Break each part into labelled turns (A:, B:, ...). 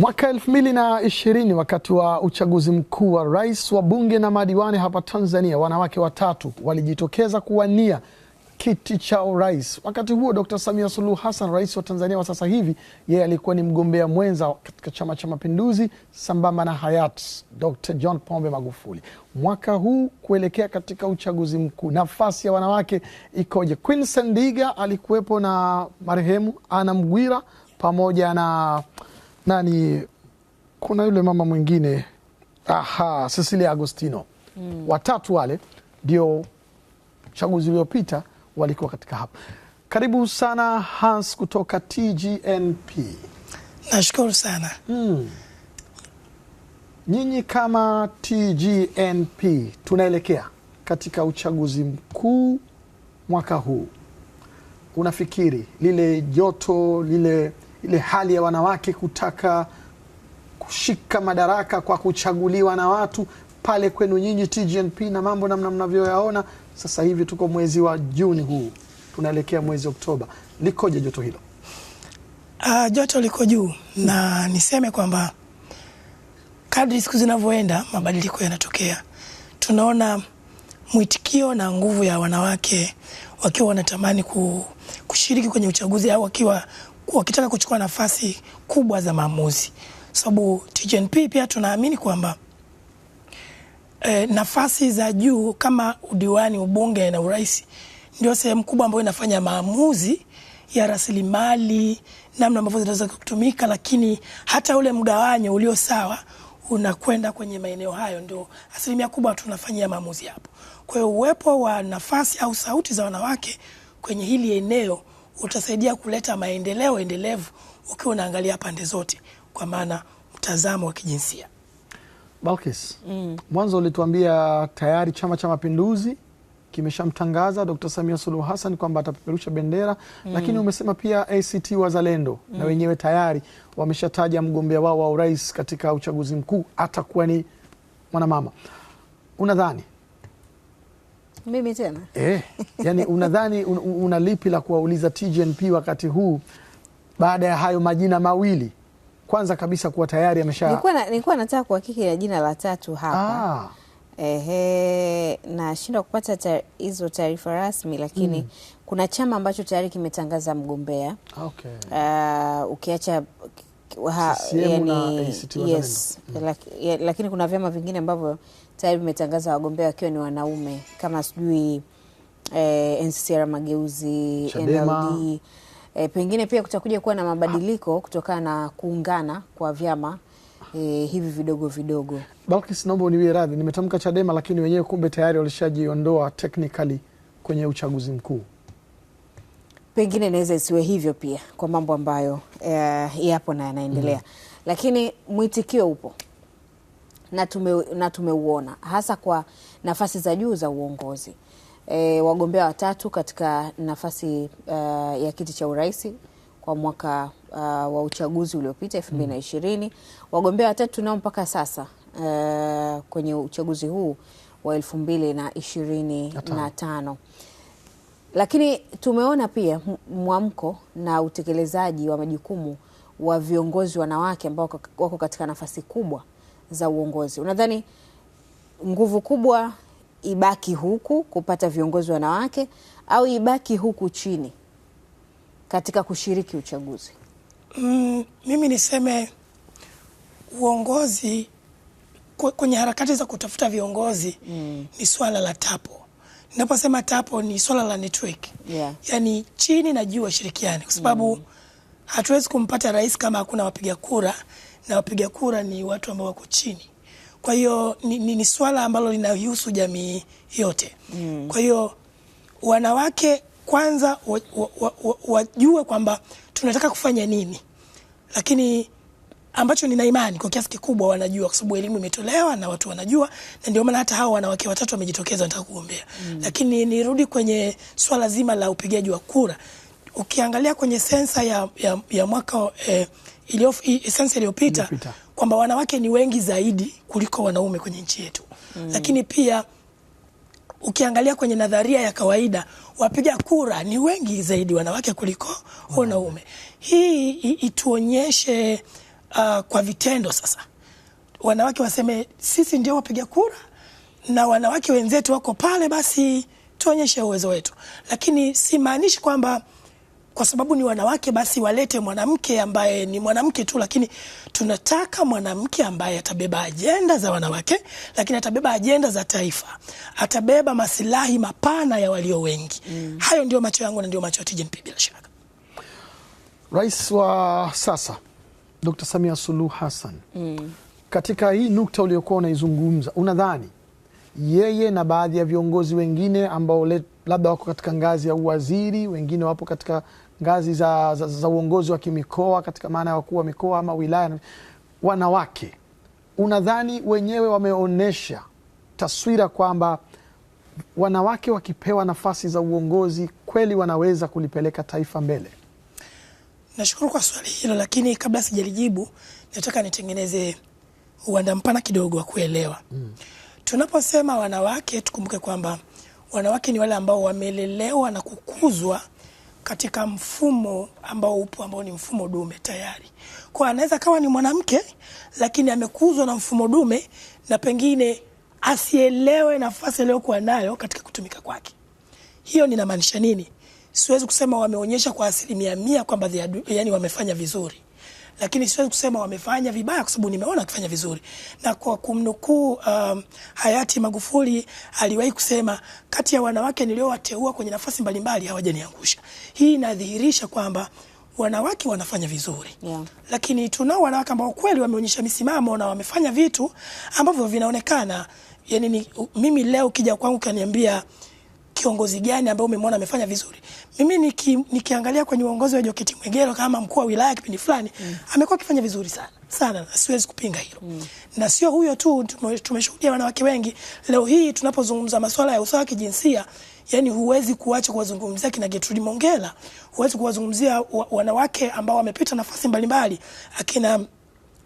A: Mwaka elfu mbili na ishirini wakati wa uchaguzi mkuu wa rais wa bunge na madiwani hapa Tanzania, wanawake watatu walijitokeza kuwania kiti cha urais. Wakati huo Dkt. Samia Suluhu Hassan, rais wa Tanzania wa sasa hivi, yeye alikuwa ni mgombea mwenza katika Chama cha Mapinduzi sambamba na hayati Dkt. John Pombe Magufuli. Mwaka huu kuelekea katika uchaguzi mkuu, nafasi ya wanawake ikoje? Queen Sendiga alikuwepo na marehemu Anna Mghwira pamoja na nani, kuna yule mama mwingine aha, Cecilia Agostino mm. Watatu wale ndio chaguzi uliopita walikuwa katika hapa. Karibu sana Hans kutoka TGNP.
B: Nashukuru sana mm.
A: Nyinyi kama TGNP tunaelekea katika uchaguzi mkuu mwaka huu, unafikiri lile joto lile ile hali ya wanawake kutaka kushika madaraka kwa kuchaguliwa na watu pale kwenu nyinyi TGNP na mambo namna mnavyoyaona sasa hivi. Tuko mwezi wa Juni huu tunaelekea mwezi Oktoba, likoje joto hilo?
B: Uh, joto liko juu hmm. Na niseme kwamba kadri siku zinavyoenda mabadiliko yanatokea. Tunaona mwitikio na nguvu ya wanawake wakiwa wanatamani kushiriki kwenye uchaguzi au wakiwa wakitaka kuchukua nafasi kubwa za maamuzi, sababu TGNP pia tunaamini kwamba e, nafasi za juu kama udiwani, ubunge na urais ndio sehemu kubwa ambayo inafanya maamuzi ya rasilimali, namna ambavyo zinaweza kutumika, lakini hata ule mgawanyo ulio sawa unakwenda kwenye maeneo hayo, ndio asilimia kubwa tunafanyia maamuzi hapo. Kwa hiyo uwepo wa nafasi au sauti za wanawake kwenye hili eneo utasaidia kuleta maendeleo endelevu ukiwa unaangalia pande zote, kwa maana mtazamo wa kijinsia.
A: Balkis, mm. mwanzo ulituambia tayari Chama cha Mapinduzi kimeshamtangaza Dkt. Samia Suluhu Hassan kwamba atapeperusha bendera mm. lakini umesema pia ACT Wazalendo mm. na wenyewe tayari wameshataja mgombea wao wa urais katika uchaguzi mkuu atakuwa ni mwanamama. Unadhani mimi tena eh, yani unadhani un, una lipi la kuwauliza TGNP wakati huu baada ya hayo majina mawili? Kwanza kabisa kuwa tayari amesha,
C: nilikuwa na, nilikuwa nataka kuhakiki ya jina la tatu hapa ah. Ehe, nashindwa kupata hizo taarifa rasmi lakini mm. kuna chama ambacho tayari kimetangaza mgombea okay. Uh, ukiacha
A: ha, yani,
C: yes, mm. ya, lakini kuna vyama vingine ambavyo tayari vimetangaza wagombea wakiwa ni wanaume kama sijui e, eh, NCCR Mageuzi, NLD e, eh, pengine pia kutakuja kuwa na mabadiliko kutokana na kuungana kwa vyama e, hivi vidogo vidogo.
A: Balkis, naomba uniwie radhi, nimetamka Chadema lakini wenyewe kumbe tayari walishajiondoa technically kwenye uchaguzi mkuu.
C: Pengine inaweza isiwe hivyo pia kwa mambo ambayo eh, yapo na yanaendelea mm -hmm. Lakini mwitikio upo na, tume, tumeuona hasa kwa nafasi za juu za uongozi e, wagombea watatu katika nafasi uh, ya kiti cha urais kwa mwaka uh, wa uchaguzi uliopita ishirini mm. Wagombea watatu nao mpaka sasa uh, kwenye uchaguzi huu wa tano lakini tumeona pia mwamko na utekelezaji wa majukumu wa viongozi wanawake ambao wako katika nafasi kubwa za uongozi. Unadhani nguvu kubwa ibaki huku kupata viongozi wanawake au ibaki huku chini katika kushiriki uchaguzi?
B: Mm, mimi niseme uongozi kwenye harakati za kutafuta viongozi mm. ni swala la tapo. Naposema tapo ni swala la network yeah. Yani chini na juu washirikiani, kwa sababu mm. hatuwezi kumpata rais kama hakuna wapiga kura na wapiga kura ni watu ambao wako chini. Kwa hiyo ni, ni, ni swala ambalo linahusu jamii yote mm. Kwa hiyo wanawake kwanza wajue wa, wa, wa, kwamba tunataka kufanya nini, lakini ambacho nina imani kwa kiasi kikubwa wanajua, kwa sababu elimu imetolewa na watu wanajua, na ndio maana hata hao wanawake watatu wamejitokeza wanataka kugombea mm. Lakini nirudi kwenye swala zima la upigaji wa kura, ukiangalia kwenye sensa ya, ya, ya mwaka eh, sensa iliyopita kwamba wanawake ni wengi zaidi kuliko wanaume kwenye nchi yetu mm. Lakini pia ukiangalia kwenye nadharia ya kawaida wapiga kura ni wengi zaidi wanawake kuliko wanaume. Hii ituonyeshe uh, kwa vitendo sasa, wanawake waseme sisi ndio wapiga kura na wanawake wenzetu wako pale, basi tuonyeshe uwezo wetu, lakini simaanishi kwamba kwa sababu ni wanawake, basi walete mwanamke ambaye ni mwanamke tu, lakini tunataka mwanamke ambaye atabeba ajenda za wanawake, lakini atabeba ajenda za taifa, atabeba masilahi mapana ya walio wengi mm. Hayo ndio macho yangu na ndio macho ya TGNP. Bila shaka
A: rais wa sasa d Samia Suluhu Hassan mm. katika hii nukta uliokuwa unaizungumza, unadhani yeye na baadhi ya viongozi wengine ambao labda wako katika ngazi ya uwaziri, wengine wapo katika ngazi za, za, za uongozi wa kimikoa katika maana ya wakuu wa mikoa ama wilaya, wanawake, unadhani wenyewe wameonyesha taswira kwamba wanawake wakipewa nafasi za uongozi kweli wanaweza kulipeleka taifa mbele?
B: Nashukuru kwa swali hilo, lakini kabla sijalijibu, nataka nitengeneze uwanda mpana kidogo wa kuelewa mm. Tunaposema wanawake, tukumbuke kwamba wanawake ni wale ambao wamelelewa na kukuzwa katika mfumo ambao upo ambao ni mfumo dume tayari. Kwa anaweza kawa ni mwanamke lakini amekuzwa na mfumo dume na pengine asielewe nafasi aliyokuwa nayo katika kutumika kwake. Hiyo ninamaanisha nini? Siwezi kusema wameonyesha kwa asilimia mia kwamba yani wamefanya vizuri, lakini siwezi kusema wamefanya vibaya, kwa sababu nimeona akifanya vizuri. Na kwa kumnukuu um, hayati Magufuli aliwahi kusema, kati ya wanawake niliowateua kwenye nafasi mbalimbali hawajaniangusha. Hii inadhihirisha kwamba wanawake wanafanya vizuri yeah. Lakini tunao wanawake ambao kweli wameonyesha misimamo na wamefanya vitu ambavyo vinaonekana, yani mimi leo ukija kwangu kaniambia kiongozi gani ambaye umemwona amefanya vizuri. Mimi niki, nikiangalia kwenye uongozi wa Joketi Mwegelo kama mkuu wa wilaya kipindi fulani mm. amekuwa akifanya vizuri sana sana, siwezi kupinga hilo mm. na sio huyo tu, tumeshuhudia wanawake wengi leo hii tunapozungumza masuala ya usawa wa kijinsia yani huwezi kuacha kuwazungumzia kina Gertrude Mongela, huwezi kuwazungumzia wanawake ambao wamepita nafasi mbalimbali akina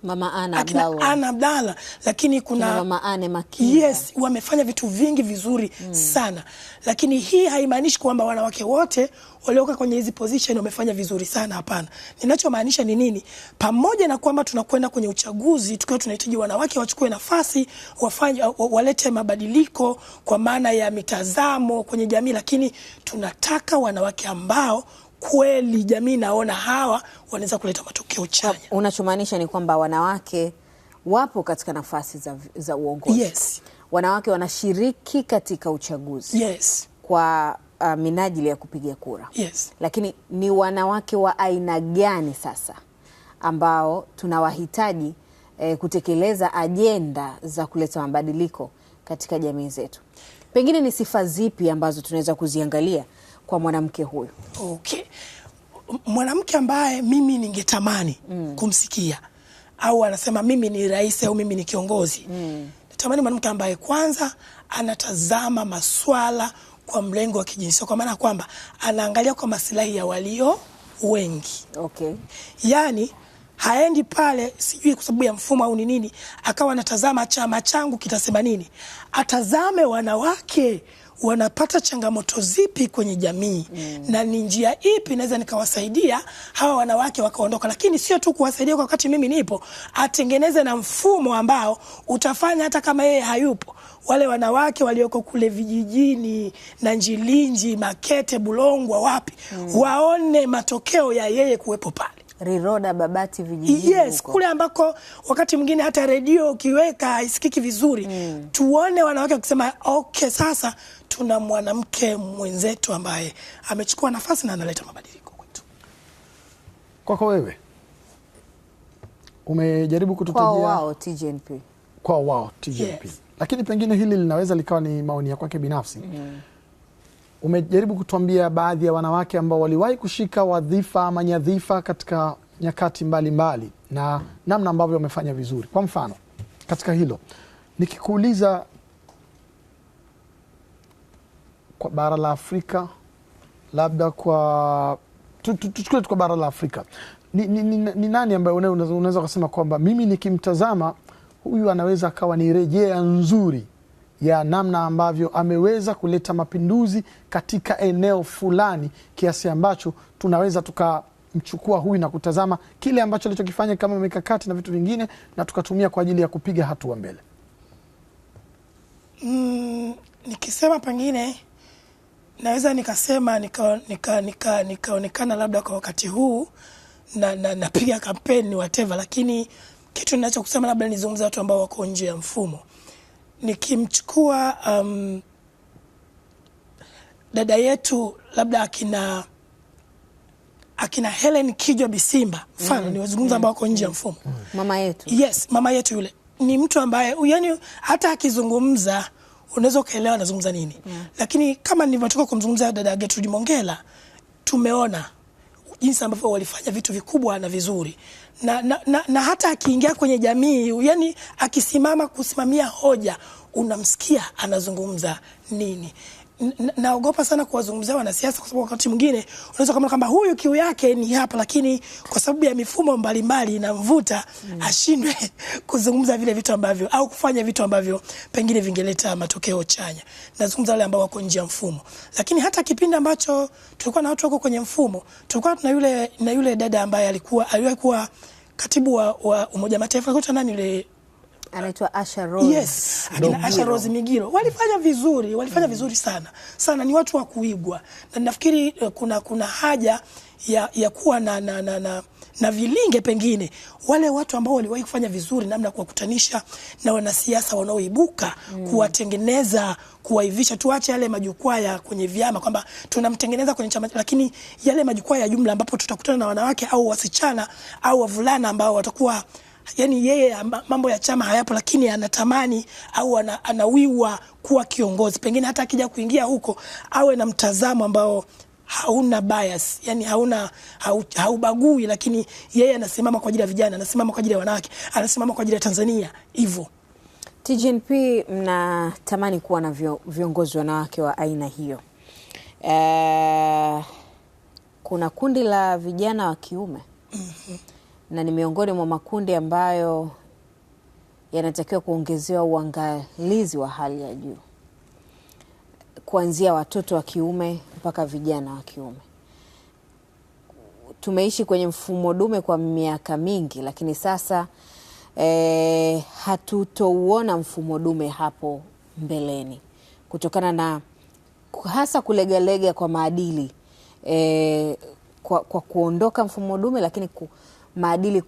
C: Mama Ana akina
B: Ana Abdalla, lakini kuna
C: Mama Ane Makinda.
B: Yes, wamefanya vitu vingi vizuri mm. sana, lakini hii haimaanishi kwamba wanawake wote walioka kwenye hizi position wamefanya vizuri sana. Hapana, ninachomaanisha ni nini? Pamoja na kwamba tunakwenda kwenye uchaguzi tukiwa tunahitaji wanawake wachukue nafasi, wafanye walete mabadiliko kwa maana ya mitazamo kwenye jamii, lakini tunataka wanawake ambao kweli jamii naona hawa wanaweza kuleta matokeo chanya.
C: Unachomaanisha ni kwamba wanawake wapo katika nafasi za, za uongozi. Yes. Wanawake wanashiriki katika uchaguzi. Yes. Kwa uh, minajili ya kupiga kura. Yes. Lakini ni wanawake wa aina gani sasa ambao tunawahitaji eh, kutekeleza ajenda za kuleta mabadiliko katika jamii zetu? Pengine ni sifa zipi ambazo tunaweza kuziangalia kwa mwanamke huyu.
B: Okay, mwanamke ambaye mimi ningetamani mm. kumsikia au anasema mimi ni rais au mimi ni kiongozi mm. natamani mwanamke ambaye kwanza anatazama maswala kwa mlengo wa kijinsia, kwa maana kwamba anaangalia kwa masilahi ya walio wengi okay. Yaani haendi pale sijui kwa sababu ya mfumo au ni nini, akawa anatazama chama changu kitasema nini. Atazame wanawake wanapata changamoto zipi kwenye jamii mm. na ni njia ipi naweza nikawasaidia hawa wanawake wakaondoka, lakini sio tu kuwasaidia kwa wakati mimi nipo, atengeneze na mfumo ambao utafanya hata kama yeye hayupo wale wanawake walioko kule vijijini na Njilinji, Makete, Bulongwa, wapi mm. waone matokeo ya yeye kuwepo pale.
C: Riroda, Babati, vijijini.
B: Yes, kule ambako wakati mwingine hata redio ukiweka haisikiki vizuri mm. Tuone wanawake wakisema okay, sasa tuna mwanamke mwenzetu ambaye amechukua nafasi na analeta mabadiliko kwetu.
A: Kwako wewe umejaribu kututajia
C: kwa wao TGNP,
A: kwa wao TGNP. Yes. Lakini pengine hili linaweza likawa ni maoni ya kwake binafsi mm umejaribu kutuambia baadhi ya wanawake ambao waliwahi kushika wadhifa ama nyadhifa katika nyakati mbalimbali mbali, na namna ambavyo wamefanya vizuri. Kwa mfano katika hilo nikikuuliza, kwa bara la Afrika labda kwa tuchukule tu kwa bara la Afrika ni, ni, ni, ni nani ambaye unaweza ukasema kwamba mimi nikimtazama huyu anaweza akawa ni rejea nzuri ya namna ambavyo ameweza kuleta mapinduzi katika eneo fulani kiasi ambacho tunaweza tukamchukua huyu na kutazama kile ambacho alichokifanya kama mikakati na vitu vingine na tukatumia kwa ajili ya kupiga hatua mbele.
B: Mm, nikisema pengine naweza nikasema nikaonekana nika, nika, nika, labda kwa wakati huu na napiga na kampeni whatever, lakini kitu ninachokusema labda nizungumza watu ambao wako nje ya mfumo nikimchukua um, dada yetu labda akina akina Helen Kijwa Bisimba mfano mm, niwazungumza ambao mm, wako nje ya mm-hmm. mfumo
C: mm. mama yetu.
B: Yes, mama yetu yule ni mtu ambaye yani hata akizungumza unaweza ukaelewa anazungumza nini mm. Lakini kama nilivyotoka kumzungumza dada Gertrude Mongela, tumeona jinsi ambavyo walifanya vitu vikubwa na vizuri, na, na, na, na hata akiingia kwenye jamii, yani akisimama kusimamia hoja, unamsikia anazungumza nini naogopa sana kuwazungumzia wanasiasa kwa sababu wakati mwingine unaweza kuona kwamba huyu kiu yake ni hapa, lakini kwa sababu ya mifumo mbalimbali inamvuta mm. ashindwe kuzungumza vile vitu ambavyo au kufanya vitu ambavyo pengine vingeleta matokeo chanya. Nazungumza wale ambao wako nje ya mfumo, lakini hata kipindi ambacho tulikuwa na watu wako kwenye mfumo, tulikuwa na yule na yule dada ambaye alikuwa aliwahi kuwa katibu wa, wa Umoja Mataifa, alikuwa nani yule
C: anaitwa Asha Rose.
B: Yes, akina Asha Rose Migiro walifanya vizuri, walifanya mm. vizuri sana sana, ni watu wa kuigwa, na nafikiri eh, kuna kuna haja ya, ya kuwa na, na, na, na, na vilinge pengine wale watu ambao waliwahi kufanya vizuri, namna kuwakutanisha na wanasiasa wanaoibuka mm. kuwatengeneza kuwaivisha. Tuache yale majukwaa ya kwenye vyama kwamba tunamtengeneza kwenye chama, lakini yale majukwaa ya jumla ambapo tutakutana na wanawake au wasichana au wavulana ambao watakuwa yani yeye mambo ya chama hayapo, lakini anatamani au ana, anawiwa kuwa kiongozi, pengine hata akija kuingia huko awe na mtazamo ambao hauna bias, yani hauna hau, haubagui, lakini yeye anasimama kwa ajili ya vijana, anasimama kwa ajili ya wanawake, anasimama kwa ajili ya Tanzania hivyo
C: TGNP mnatamani kuwa na viongozi wanawake wa aina hiyo. Uh, kuna kundi la vijana wa kiume mm -hmm na ni miongoni mwa makundi ambayo yanatakiwa kuongezewa uangalizi wa hali ya juu kuanzia watoto wa kiume mpaka vijana wa kiume. Tumeishi kwenye mfumo dume kwa miaka mingi, lakini sasa e, hatutouona mfumo dume hapo mbeleni kutokana na hasa kulegalega kwa maadili e, kwa, kwa kuondoka mfumo dume lakini ku, maadili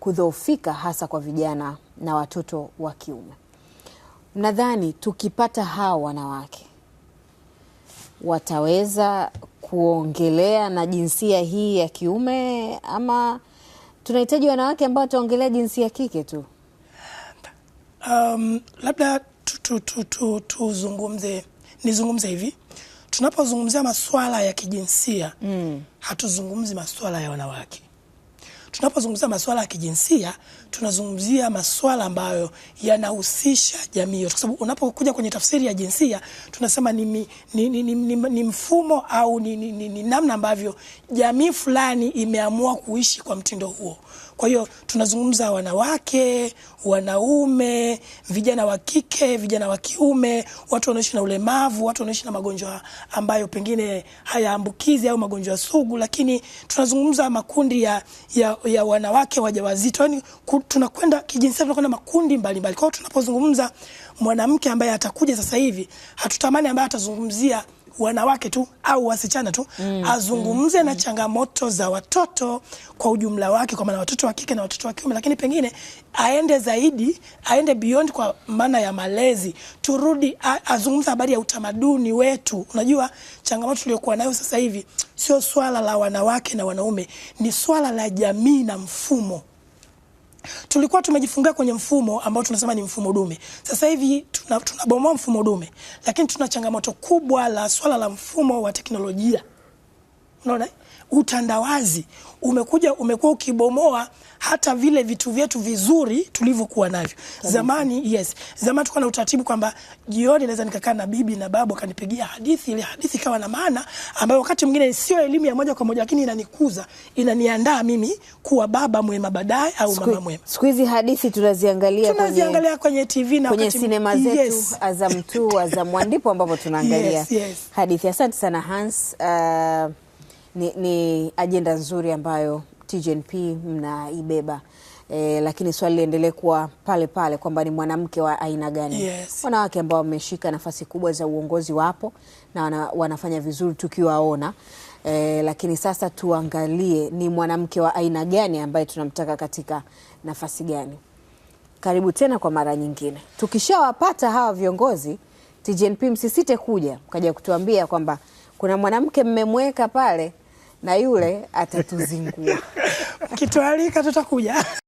C: kudhoofika hasa kwa vijana na watoto wa kiume. Mnadhani tukipata hao wanawake wataweza kuongelea na jinsia hii ya kiume ama tunahitaji wanawake ambao wataongelea jinsia ya kike tu?
B: Um, labda tuzungumze tu, tu, tu, nizungumze hivi tunapozungumzia masuala ya kijinsia mm. Hatuzungumzi masuala ya wanawake tunapozungumzia masuala ya kijinsia tunazungumzia masuala ambayo yanahusisha jamii yote, kwa sababu unapokuja kwenye tafsiri ya jinsia tunasema ni, ni, ni, ni, ni, ni mfumo au ni, ni, ni, ni namna ambavyo jamii fulani imeamua kuishi kwa mtindo huo. Kwa hiyo tunazungumza wanawake, wanaume, vijana wa kike, vijana wa kiume, watu wanaoishi na ulemavu, watu wanaoishi na magonjwa ambayo pengine hayaambukizi au magonjwa sugu, lakini tunazungumza makundi ya, ya, ya wanawake wajawazito. Yani tunakwenda kijinsia, tunakwenda makundi mbalimbali. Kwa hiyo tunapozungumza mwanamke ambaye atakuja sasa hivi, hatutamani ambaye atazungumzia wanawake tu au wasichana tu mm. azungumze mm. na mm. changamoto za watoto kwa ujumla wake, kwa maana watoto wa kike na watoto wa kiume, lakini pengine aende zaidi, aende beyond kwa maana ya malezi. Turudi azungumza habari ya utamaduni wetu. Unajua changamoto tuliyokuwa nayo sasa hivi sio swala la wanawake na wanaume, ni swala la jamii na mfumo Tulikuwa tumejifungia kwenye mfumo ambao tunasema ni mfumo dume. Sasa hivi tunabomoa tuna mfumo dume, lakini tuna changamoto kubwa la swala la mfumo wa teknolojia. Unaona? utandawazi umekuja umekuwa ukibomoa hata vile vitu vyetu vizuri tulivyokuwa navyo zamani. Yes, zamani tulikuwa na utaratibu kwamba jioni naweza nikakaa na bibi na babu akanipigia hadithi, ile hadithi ikawa na maana ambayo wakati mwingine sio elimu ya moja kwa moja, lakini inanikuza, inaniandaa mimi kuwa baba mwema baadaye au mama mwema.
C: Siku hizi hadithi tunaziangalia,
B: tunaziangalia kwenye, kwenye TV na
C: kwenye sinema zetu, yes. Azam 2 Azam 1 ndipo ambapo tunaangalia yes, yes. hadithi. Asante sana Hans uh, ni, ni ajenda nzuri ambayo TGNP mnaibeba. E, lakini swali liendelee kuwa pale pale kwamba ni mwanamke wa aina gani? Yes. Wanawake ambao wameshika nafasi kubwa za uongozi wapo na wana, wanafanya vizuri tukiwaona. E, lakini sasa tuangalie ni mwanamke wa aina gani ambaye tunamtaka katika nafasi gani. Karibu tena kwa mara nyingine. Tukishawapata hawa viongozi TGNP, msisite kuja kaja kutuambia kwamba kuna mwanamke mmemweka pale na yule atatuzingua.
B: Kitualika tutakuja.